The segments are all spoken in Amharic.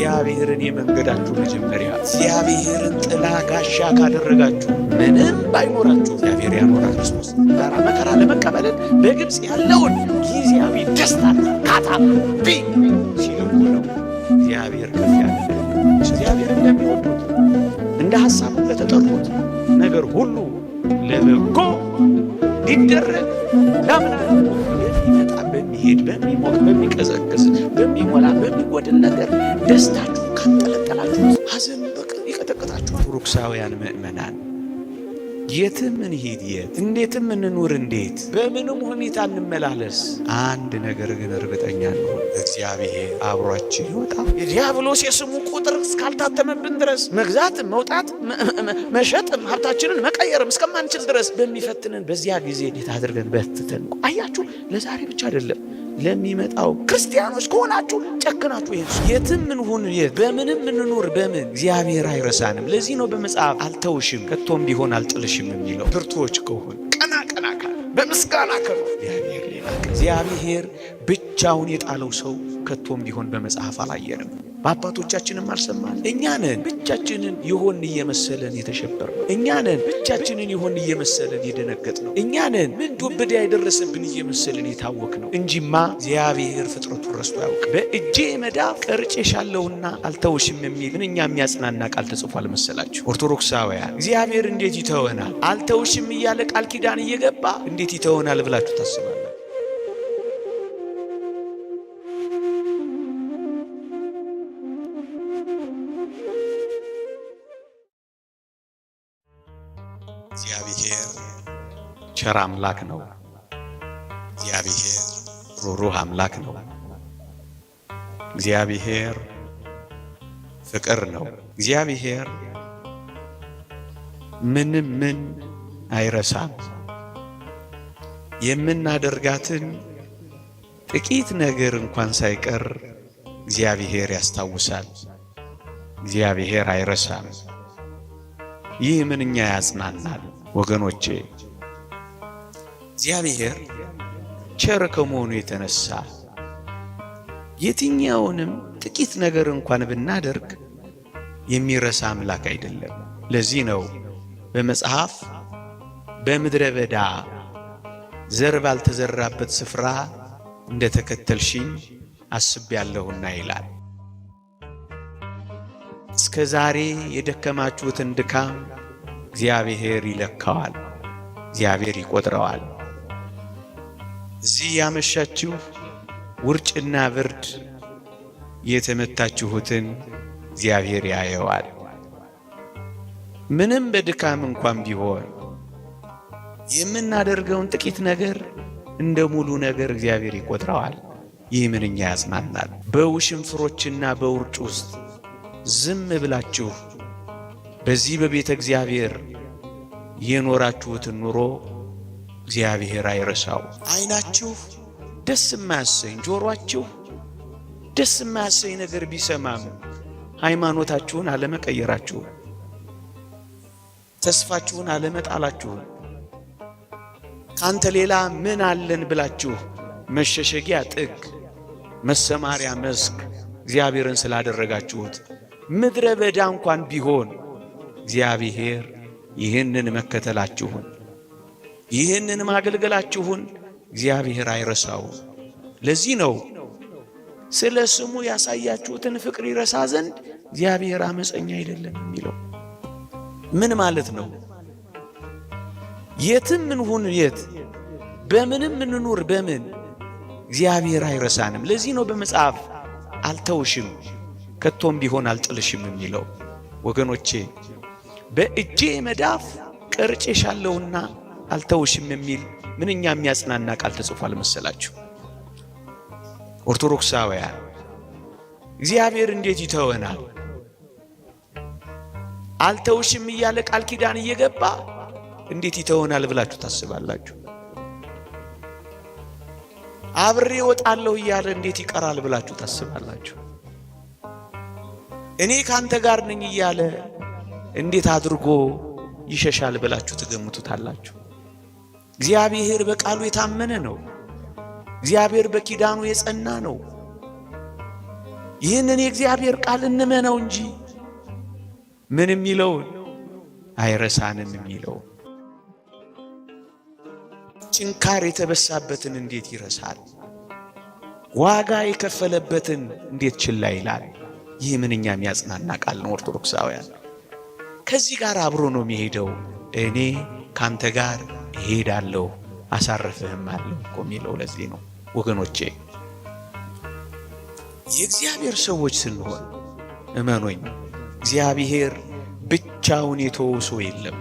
እግዚአብሔርን የመንገዳችሁ መጀመሪያ እግዚአብሔርን ጥላ ጋሻ ካደረጋችሁ ምንም ባይኖራችሁ እግዚአብሔር ያኖራ ክርስቶስ ጋራ መከራ ለመቀበልን በግብፅ ያለውን ጊዜያዊ ደስታ ካታ ቢ ሲልኩ ነው እግዚአብሔር ከፍ ያለ እግዚአብሔር እንደሚወዱት እንደ ሐሳቡ ለተጠሩት ነገር ሁሉ ለበጎ ሊደረግ ላምናለ በሚሄድ በሚሞቅ በሚቀዘቅዝ በሚሞላ በሚጎድል ነገር ደስታችሁ ካንጠለጠላችሁ ሐዘን ይቀጠቅጣችኋል። ሩክሳውያን ምእመናን የትም እንሂድ የት እንዴትም እንኑር እንዴት በምንም ሁኔታ እንመላለስ፣ አንድ ነገር ግን እርግጠኛ ነው እግዚአብሔር አብሯችን ይወጣ። የዲያብሎስ የስሙ ቁጥር እስካልታተመብን ድረስ መግዛትም መውጣት መሸጥም ሀብታችንን መቀየርም እስከማንችል ድረስ በሚፈትንን በዚያ ጊዜ እንዴት አድርገን በትተን። አያችሁ ለዛሬ ብቻ አይደለም ለሚመጣው ክርስቲያኖች ከሆናችሁ ጨክናችሁ ይሄ የትም እንሁን የት በምንም እንኑር በምን እግዚአብሔር አይረሳንም። ለዚህ ነው በመጽሐፍ አልተውሽም ከቶም ቢሆን አልጥልሽም የሚለው። ብርቶች ከሆን ቀና ቀና ካል በምስጋና ከ እግዚአብሔር ብቻውን የጣለው ሰው ከቶም ቢሆን በመጽሐፍ አላየንም። በአባቶቻችንም አልሰማን። እኛ ነን ብቻችንን የሆን እየመሰለን የተሸበር ነው። እኛ ነን ብቻችንን የሆን እየመሰለን የደነገጥ ነው። እኛ ነን ምን ዱብዳ የደረሰብን እየመሰለን የታወክ ነው እንጂማ እግዚአብሔር ፍጥረቱን ረስቶ ያውቅ። በእጄ መዳፍ ቀርጬሻለሁና አልተውሽም የሚል ምንኛ የሚያጽናና ቃል ተጽፏል መሰላችሁ ኦርቶዶክሳውያን። እግዚአብሔር እንዴት ይተወናል? አልተውሽም እያለ ቃል ኪዳን እየገባ እንዴት ይተወናል ብላችሁ ታስባል? እግዚአብሔር ቸር አምላክ ነው። እግዚአብሔር ሩሩህ አምላክ ነው። እግዚአብሔር ፍቅር ነው። እግዚአብሔር ምንም ምን አይረሳም። የምናደርጋትን ጥቂት ነገር እንኳን ሳይቀር እግዚአብሔር ያስታውሳል። እግዚአብሔር አይረሳም። ይህ ምንኛ ያጽናናል። ወገኖቼ እግዚአብሔር ቸር ከመሆኑ የተነሳ የትኛውንም ጥቂት ነገር እንኳን ብናደርግ የሚረሳ አምላክ አይደለም። ለዚህ ነው በመጽሐፍ በምድረ በዳ ዘር ባልተዘራበት ስፍራ እንደ ተከተልሽኝ አስቤያለሁና ይላል። እስከ ዛሬ የደከማችሁትን ድካም እግዚአብሔር ይለካዋል፣ እግዚአብሔር ይቆጥረዋል። እዚህ ያመሻችሁ ውርጭና ብርድ የተመታችሁትን እግዚአብሔር ያየዋል። ምንም በድካም እንኳን ቢሆን የምናደርገውን ጥቂት ነገር እንደ ሙሉ ነገር እግዚአብሔር ይቆጥረዋል። ይህ ምንኛ ያጽናናል። በውሽንፍሮችና በውርጭ ውስጥ ዝም ብላችሁ በዚህ በቤተ እግዚአብሔር የኖራችሁትን ኑሮ እግዚአብሔር አይረሳው። ዓይናችሁ ደስ የማያሰኝ ጆሮአችሁ ደስ የማያሰኝ ነገር ቢሰማም ሃይማኖታችሁን አለመቀየራችሁ፣ ተስፋችሁን አለመጣላችሁ፣ ካንተ ሌላ ምን አለን ብላችሁ መሸሸጊያ ጥግ መሰማሪያ መስክ እግዚአብሔርን ስላደረጋችሁት ምድረ በዳ እንኳን ቢሆን እግዚአብሔር ይህንን መከተላችሁን ይህንን ማገልገላችሁን እግዚአብሔር አይረሳውም። ለዚህ ነው ስለ ስሙ ያሳያችሁትን ፍቅር ይረሳ ዘንድ እግዚአብሔር አመፀኛ አይደለም የሚለው። ምን ማለት ነው? የትም እንሁን የት በምንም እንኑር በምን እግዚአብሔር አይረሳንም። ለዚህ ነው በመጽሐፍ አልተውሽም ከቶም ቢሆን አልጥልሽም የሚለው ወገኖቼ በእጄ መዳፍ ቀርጬሻለሁና አልተውሽም የሚል ምንኛ የሚያጽናና ቃል ተጽፏል መሰላችሁ? ኦርቶዶክሳውያን እግዚአብሔር እንዴት ይተወናል? አልተውሽም እያለ ቃል ኪዳን እየገባ እንዴት ይተወናል ብላችሁ ታስባላችሁ? አብሬ ወጣለሁ እያለ እንዴት ይቀራል ብላችሁ ታስባላችሁ? እኔ ካንተ ጋር ነኝ እያለ እንዴት አድርጎ ይሸሻል ብላችሁ ትገምቱታላችሁ? እግዚአብሔር በቃሉ የታመነ ነው። እግዚአብሔር በኪዳኑ የጸና ነው። ይህንን የእግዚአብሔር ቃል እንመነው እንጂ ምን የሚለውን አይረሳንም የሚለው? ጭንካር የተበሳበትን እንዴት ይረሳል? ዋጋ የከፈለበትን እንዴት ችላ ይላል? ይህ ምንኛ የሚያጽናና ቃል ነው ኦርቶዶክሳውያን ከዚህ ጋር አብሮ ነው የሚሄደው። እኔ ከአንተ ጋር እሄዳለሁ አሳርፍህም አለሁ እኮ የሚለው ለዚህ ነው ወገኖቼ። የእግዚአብሔር ሰዎች ስንሆን እመኖኝ፣ እግዚአብሔር ብቻውን የተወው ሰው የለም።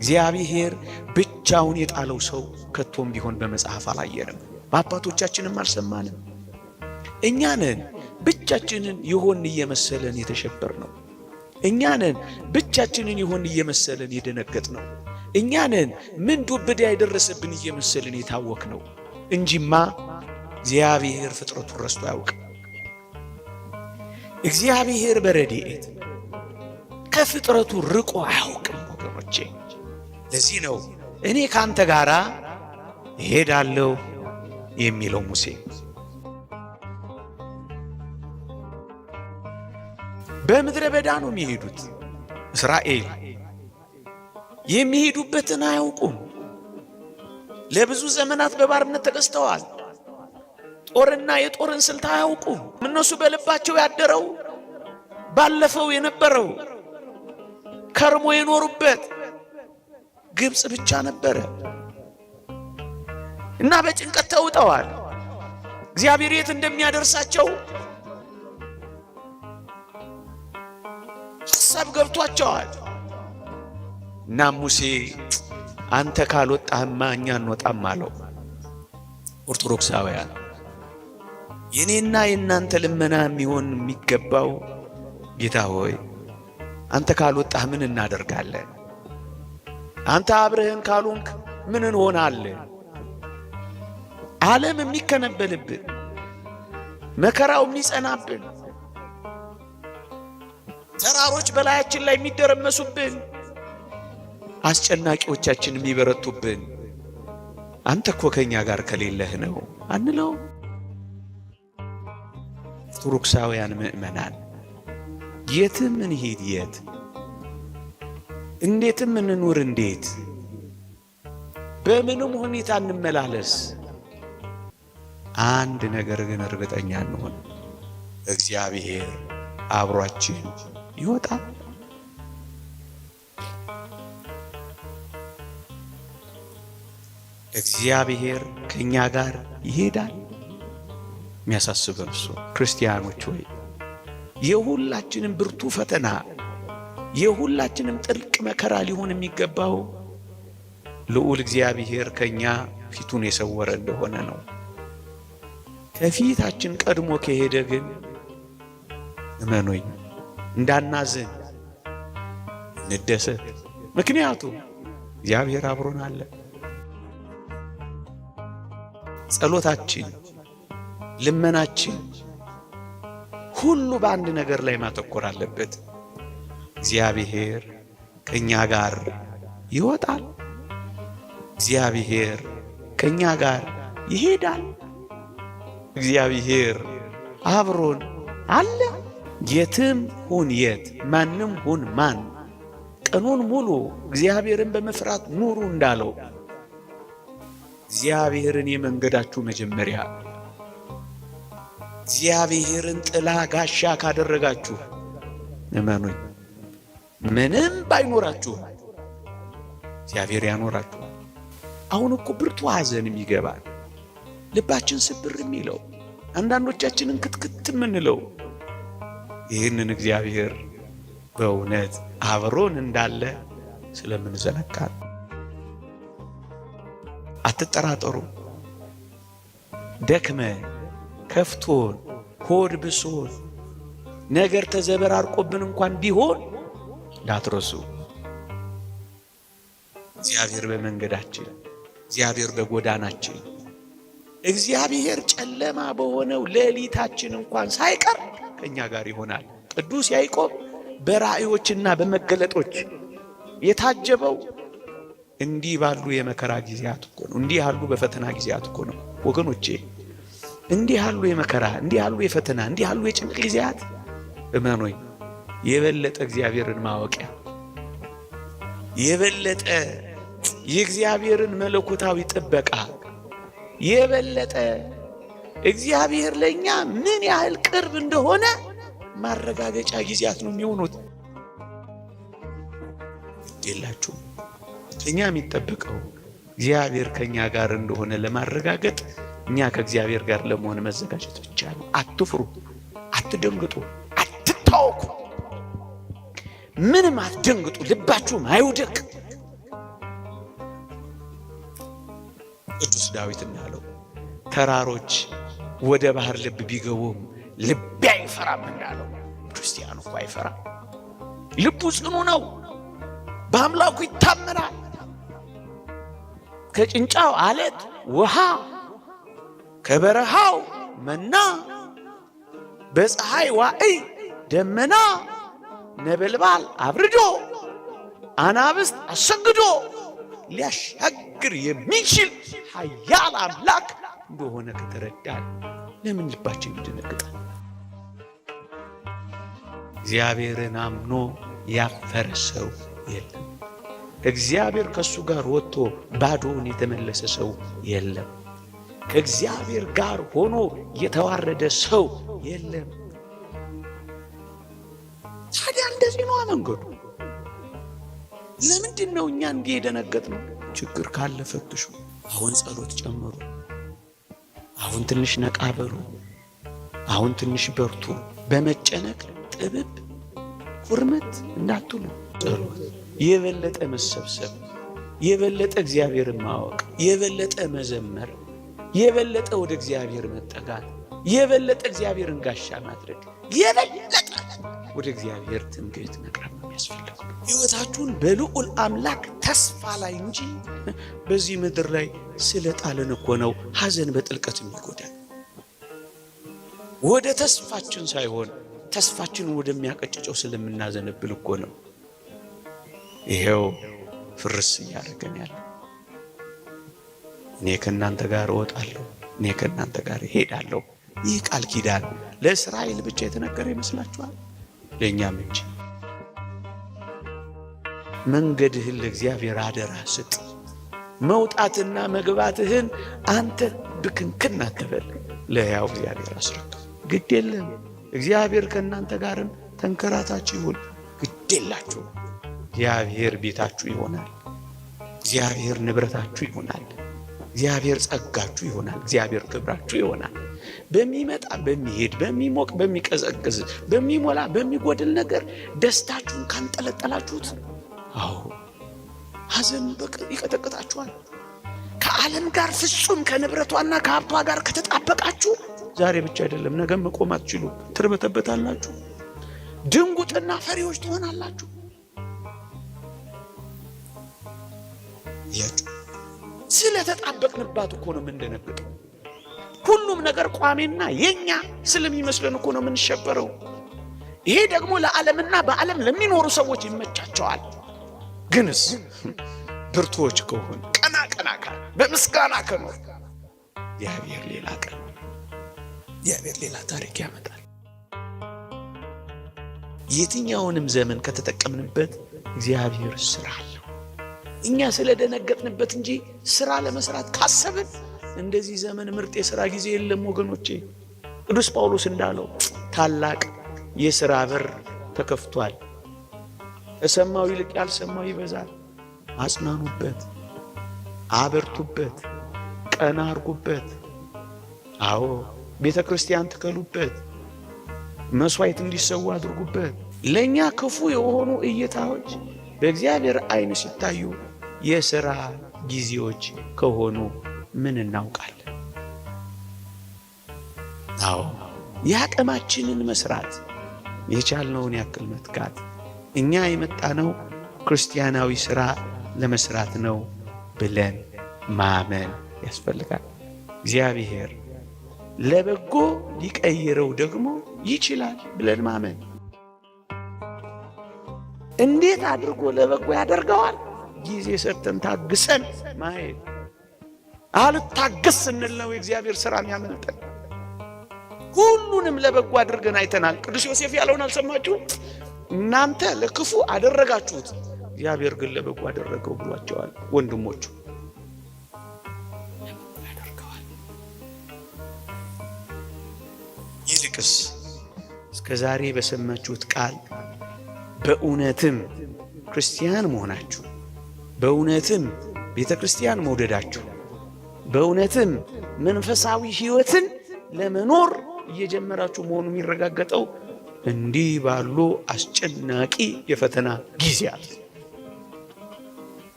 እግዚአብሔር ብቻውን የጣለው ሰው ከቶም ቢሆን በመጽሐፍ አላየንም፣ በአባቶቻችንም አልሰማንም። እኛ ነን ብቻችንን የሆን እየመሰለን የተሸበር ነው። እኛንን ብቻችንን ይሆን እየመሰለን የደነገጥ ነው። እኛንን ምን ዱብ ዕዳ እየመሰልን እየመሰለን የታወክ ነው እንጂማ እግዚአብሔር ፍጥረቱን ረስቶ አያውቅም። እግዚአብሔር በረድኤት ከፍጥረቱ ርቆ አያውቅም። ወገኖቼ ለዚህ ነው እኔ ከአንተ ጋር እሄዳለሁ የሚለው ሙሴ በምድረ በዳ ነው የሚሄዱት። እስራኤል የሚሄዱበትን አያውቁም። ለብዙ ዘመናት በባርነት ተገዝተዋል። ጦርና የጦርን ስልት አያውቁም። እነሱ በልባቸው ያደረው ባለፈው የነበረው ከርሞ የኖሩበት ግብፅ ብቻ ነበረ እና በጭንቀት ተውጠዋል። እግዚአብሔር የት እንደሚያደርሳቸው ሀሳብ ገብቷቸዋል። እና ሙሴ አንተ ካልወጣህማ እኛ እንወጣም አለው። ኦርቶዶክሳውያን የእኔና የእናንተ ልመና የሚሆን የሚገባው ጌታ ሆይ አንተ ካልወጣህ ምን እናደርጋለን? አንተ አብርህን ካሉንክ ምን እንሆናለን? ዓለም የሚከነበልብን መከራው የሚጸናብን ተራሮች በላያችን ላይ የሚደረመሱብን፣ አስጨናቂዎቻችን የሚበረቱብን አንተ እኮ ከኛ ጋር ከሌለህ ነው አንለው። ኦርቶዶክሳውያን ምእመናን የትም እንሂድ የት እንዴትም እንኑር እንዴት በምንም ሁኔታ እንመላለስ፣ አንድ ነገር ግን እርግጠኛ እንሆን፣ እግዚአብሔር አብሯችን ይወጣል። እግዚአብሔር ከእኛ ጋር ይሄዳል። የሚያሳስበን እሱ። ክርስቲያኖች ወይ የሁላችንም ብርቱ ፈተና የሁላችንም ጥልቅ መከራ ሊሆን የሚገባው ልዑል እግዚአብሔር ከእኛ ፊቱን የሰወረ እንደሆነ ነው። ከፊታችን ቀድሞ ከሄደ ግን እመኖኝ እንዳናዝን እንደሰት። ምክንያቱም እግዚአብሔር አብሮን አለ። ጸሎታችን፣ ልመናችን ሁሉ በአንድ ነገር ላይ ማተኮር አለበት። እግዚአብሔር ከእኛ ጋር ይወጣል። እግዚአብሔር ከእኛ ጋር ይሄዳል። እግዚአብሔር አብሮን አለ። የትም ሁን የት ማንም ሁን ማን ቀኑን ሙሉ እግዚአብሔርን በመፍራት ኑሩ እንዳለው እግዚአብሔርን የመንገዳችሁ መጀመሪያ እግዚአብሔርን ጥላ ጋሻ ካደረጋችሁ እመኑኝ፣ ምንም ባይኖራችሁ እግዚአብሔር ያኖራችሁ። አሁን እኮ ብርቱ ሐዘንም ይገባል ልባችን ስብር የሚለው አንዳንዶቻችንን ክትክት የምንለው ይህንን እግዚአብሔር በእውነት አብሮን እንዳለ ስለምንዘነጋ ነው። አትጠራጠሩ። ደክመ፣ ከፍቶን ሆድ ብሶን ነገር ተዘበራርቆብን እንኳን ቢሆን ላትረሱ እግዚአብሔር በመንገዳችን፣ እግዚአብሔር በጎዳናችን፣ እግዚአብሔር ጨለማ በሆነው ሌሊታችን እንኳን ሳይቀር ከእኛ ጋር ይሆናል። ቅዱስ ያዕቆብ በራእዮችና በመገለጦች የታጀበው እንዲህ ባሉ የመከራ ጊዜያት እኮ ነው። እንዲህ ያሉ በፈተና ጊዜያት እኮ ነው ወገኖቼ። እንዲህ ያሉ የመከራ እንዲህ ያሉ የፈተና እንዲህ ያሉ የጭንቅ ጊዜያት እመኖኝ የበለጠ እግዚአብሔርን ማወቂያ የበለጠ የእግዚአብሔርን መለኮታዊ ጥበቃ የበለጠ እግዚአብሔር ለእኛ ምን ያህል ቅርብ እንደሆነ ማረጋገጫ ጊዜያት ነው የሚሆኑት። የላችሁም እኛ የሚጠበቀው እግዚአብሔር ከእኛ ጋር እንደሆነ ለማረጋገጥ እኛ ከእግዚአብሔር ጋር ለመሆን መዘጋጀት ብቻ ነው። አትፍሩ፣ አትደንግጡ፣ አትታወቁ ምንም አትደንግጡ፣ ልባችሁም አይውደቅ። ቅዱስ ዳዊት እንዳለው ተራሮች ወደ ባህር ልብ ቢገቡም ልቤ አይፈራም እንዳለው ክርስቲያኑ እኮ አይፈራ ልቡ ጽኑ ነው። በአምላኩ ይታመናል። ከጭንጫው አለት ውሃ፣ ከበረሃው መና፣ በፀሐይ ዋዕይ ደመና ነበልባል አብርዶ አናብስት አሰግዶ ሊያሻግር የሚችል ሀያል አምላክ እንደሆነ ከተረዳን ለምን ልባችን ይደነግጣል? እግዚአብሔርን አምኖ ያፈረ ሰው የለም። እግዚአብሔር ከእሱ ጋር ወጥቶ ባዶውን የተመለሰ ሰው የለም። ከእግዚአብሔር ጋር ሆኖ የተዋረደ ሰው የለም። ታዲያ እንደዚህ ነዋ መንገዱ። ለምንድን ነው እኛ እንዲህ የደነገጥ ነው? ችግር ካለ ፈትሹ። አሁን ጸሎት ጨምሩ። አሁን ትንሽ ነቃ በሉ፣ አሁን ትንሽ በርቱ። በመጨነቅ ጥብብ ኩርመት እንዳትሉ፣ ጸሎት የበለጠ መሰብሰብ፣ የበለጠ እግዚአብሔር ማወቅ፣ የበለጠ መዘመር፣ የበለጠ ወደ እግዚአብሔር መጠጋት፣ የበለጠ እግዚአብሔርን ጋሻ ማድረግ፣ የበለጠ ወደ እግዚአብሔር ትምክህት መቅረብ አያስፈልግም። ህይወታችሁን በልዑል አምላክ ተስፋ ላይ እንጂ በዚህ ምድር ላይ ስለጣልን እኮ ነው ሐዘን በጥልቀት የሚጎዳል። ወደ ተስፋችን ሳይሆን ተስፋችንን ወደሚያቀጭጨው ስለምናዘነብል እኮ ነው። ይሄው ፍርስ እያደረገን ያለ። እኔ ከእናንተ ጋር እወጣለሁ፣ እኔ ከእናንተ ጋር እሄዳለሁ። ይህ ቃል ኪዳን ለእስራኤል ብቻ የተነገረ ይመስላችኋል? ለእኛም እንጂ መንገድህን ለእግዚአብሔር አደራ ስጥ። መውጣትና መግባትህን አንተ ብክንክን አትበል፣ ለሕያው እግዚአብሔር አስረክ። ግድ የለም እግዚአብሔር ከእናንተ ጋርም ተንከራታችሁ ይሁን፣ ግድ የላችሁ። እግዚአብሔር ቤታችሁ ይሆናል። እግዚአብሔር ንብረታችሁ ይሆናል። እግዚአብሔር ጸጋችሁ ይሆናል። እግዚአብሔር ክብራችሁ ይሆናል። በሚመጣ በሚሄድ፣ በሚሞቅ፣ በሚቀዘቅዝ፣ በሚሞላ፣ በሚጎድል ነገር ደስታችሁን ካንጠለጠላችሁት አዎ ሐዘን ይቀጠቅጣችኋል። ከዓለም ጋር ፍጹም ከንብረቷና ከሀብቷ ጋር ከተጣበቃችሁ ዛሬ ብቻ አይደለም ነገ መቆም አትችሉ፣ ትርበተበታላችሁ። ድንጉጥና ፈሪዎች ትሆናላችሁ። ስለተጣበቅንባት እኮ ነው የምንደነግጠው። ሁሉም ነገር ቋሚና የኛ ስለሚመስለን እኮ ነው የምንሸበረው። ይሄ ደግሞ ለዓለምና በዓለም ለሚኖሩ ሰዎች ይመቻቸዋል። ግንስ ብርቶች ከሆን ቀና ቀና ካል በምስጋና ከኖር እግዚአብሔር ሌላ ቀን እግዚአብሔር ሌላ ታሪክ ያመጣል። የትኛውንም ዘመን ከተጠቀምንበት እግዚአብሔር ስራ አለው። እኛ ስለደነገጥንበት እንጂ ስራ ለመስራት ካሰብን እንደዚህ ዘመን ምርጥ የስራ ጊዜ የለም ወገኖቼ። ቅዱስ ጳውሎስ እንዳለው ታላቅ የስራ በር ተከፍቷል። እሰማው ይልቅ ያልሰማው ይበዛል። አጽናኑበት፣ አበርቱበት፣ ቀና አርጉበት። አዎ ቤተ ክርስቲያን ትከሉበት፣ መስዋዕት እንዲሰዋ አድርጉበት። ለእኛ ክፉ የሆኑ እይታዎች በእግዚአብሔር ዓይን ሲታዩ የሥራ ጊዜዎች ከሆኑ ምን እናውቃለን? አዎ የአቅማችንን መስራት የቻልነውን ያክል መትጋት እኛ የመጣ ነው ክርስቲያናዊ ስራ ለመስራት ነው ብለን ማመን ያስፈልጋል። እግዚአብሔር ለበጎ ሊቀይረው ደግሞ ይችላል ብለን ማመን። እንዴት አድርጎ ለበጎ ያደርገዋል? ጊዜ ሰጥተን ታግሰን ማየት። አልታገስ ስንል ነው የእግዚአብሔር ስራ የሚያመልጠን። ሁሉንም ለበጎ አድርገን አይተናል። ቅዱስ ዮሴፍ ያለውን አልሰማችሁ? እናንተ ለክፉ አደረጋችሁት፣ እግዚአብሔር ግን ለበጎ አደረገው ብሏቸዋል ወንድሞቹ ይልቅስ እስከ ዛሬ በሰማችሁት ቃል በእውነትም ክርስቲያን መሆናችሁ፣ በእውነትም ቤተ ክርስቲያን መውደዳችሁ፣ በእውነትም መንፈሳዊ ሕይወትን ለመኖር እየጀመራችሁ መሆኑ የሚረጋገጠው እንዲህ ባሉ አስጨናቂ የፈተና ጊዜያት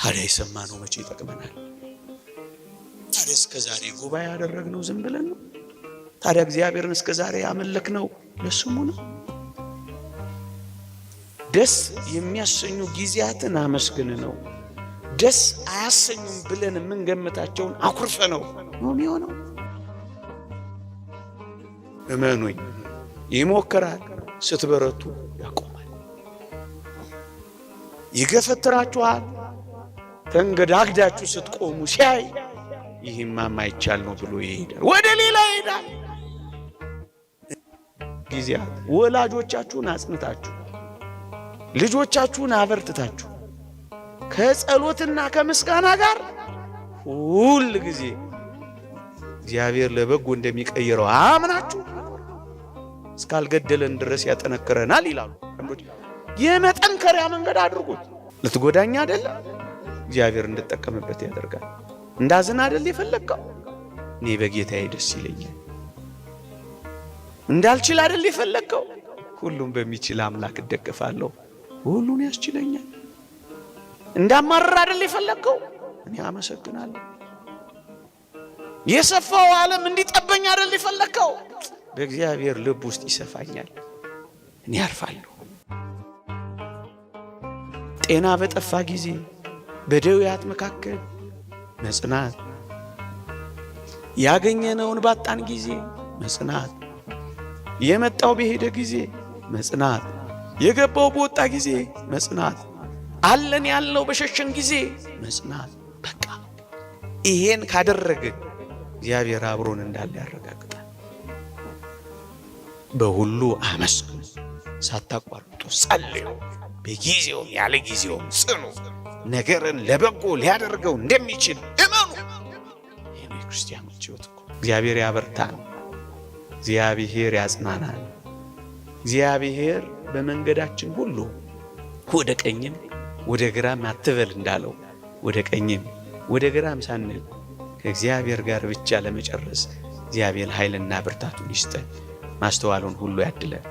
ታዲያ የሰማነው መቼ ይጠቅመናል? ታዲያ እስከ ዛሬ ጉባኤ ያደረግነው ዝም ብለን ነው? ታዲያ እግዚአብሔርን እስከ ዛሬ ያመለክነው ለስሙ ነው? ደስ የሚያሰኙ ጊዜያትን አመስግን ነው። ደስ አያሰኙም ብለን የምንገምታቸውን አኩርፈ ነው ነው የሚሆነው። እመኑኝ ይሞክራል። ስትበረቱ ያቆማል። ይገፈትራችኋል። ተንገዳግዳችሁ ስትቆሙ ሲያይ ይህማ ማይቻል ነው ብሎ ይሄዳል፣ ወደ ሌላ ይሄዳል። ጊዜያት ወላጆቻችሁን አጽንታችሁ ልጆቻችሁን አበርትታችሁ ከጸሎትና ከምስጋና ጋር ሁል ጊዜ እግዚአብሔር ለበጎ እንደሚቀይረው አምናችሁ እስካልገደለን ድረስ ያጠነክረናል ይላሉ ወንዶች። የመጠንከሪያ መንገድ አድርጉት። ልትጎዳኛ አደለ? እግዚአብሔር እንድጠቀምበት ያደርጋል። እንዳዝን አደል የፈለግከው? እኔ በጌታዬ ደስ ይለኛል። እንዳልችል አደል የፈለግከው? ሁሉም በሚችል አምላክ እደገፋለሁ፣ ሁሉን ያስችለኛል። እንዳማረር አደል የፈለግከው? እኔ አመሰግናለሁ። የሰፋው ዓለም እንዲጠበኝ አደል የፈለግከው? በእግዚአብሔር ልብ ውስጥ ይሰፋኛል፣ እኔ አልፋለሁ። ጤና በጠፋ ጊዜ በደውያት መካከል መጽናት፣ ያገኘነውን ባጣን ጊዜ መጽናት፣ የመጣው በሄደ ጊዜ መጽናት፣ የገባው በወጣ ጊዜ መጽናት፣ አለን ያለው በሸሸን ጊዜ መጽናት። በቃ ይሄን ካደረገ እግዚአብሔር አብሮን እንዳለ ያረጋግጣል። በሁሉ አመስግኑ፣ ሳታቋርጡ ጸልዩ፣ በጊዜውም ያለ ጊዜውም ጽኑ። ነገርን ለበጎ ሊያደርገው እንደሚችል እመኑ። ይህ የክርስቲያኖች ሕይወት እኮ። እግዚአብሔር ያበርታን፣ እግዚአብሔር ያጽናናል። እግዚአብሔር በመንገዳችን ሁሉ ወደ ቀኝም ወደ ግራም አትበል እንዳለው ወደ ቀኝም ወደ ግራም ሳንል ከእግዚአብሔር ጋር ብቻ ለመጨረስ እግዚአብሔር ኃይልና ብርታቱን ይስጠን። ማስተዋሉን ሁሉ ያድለን።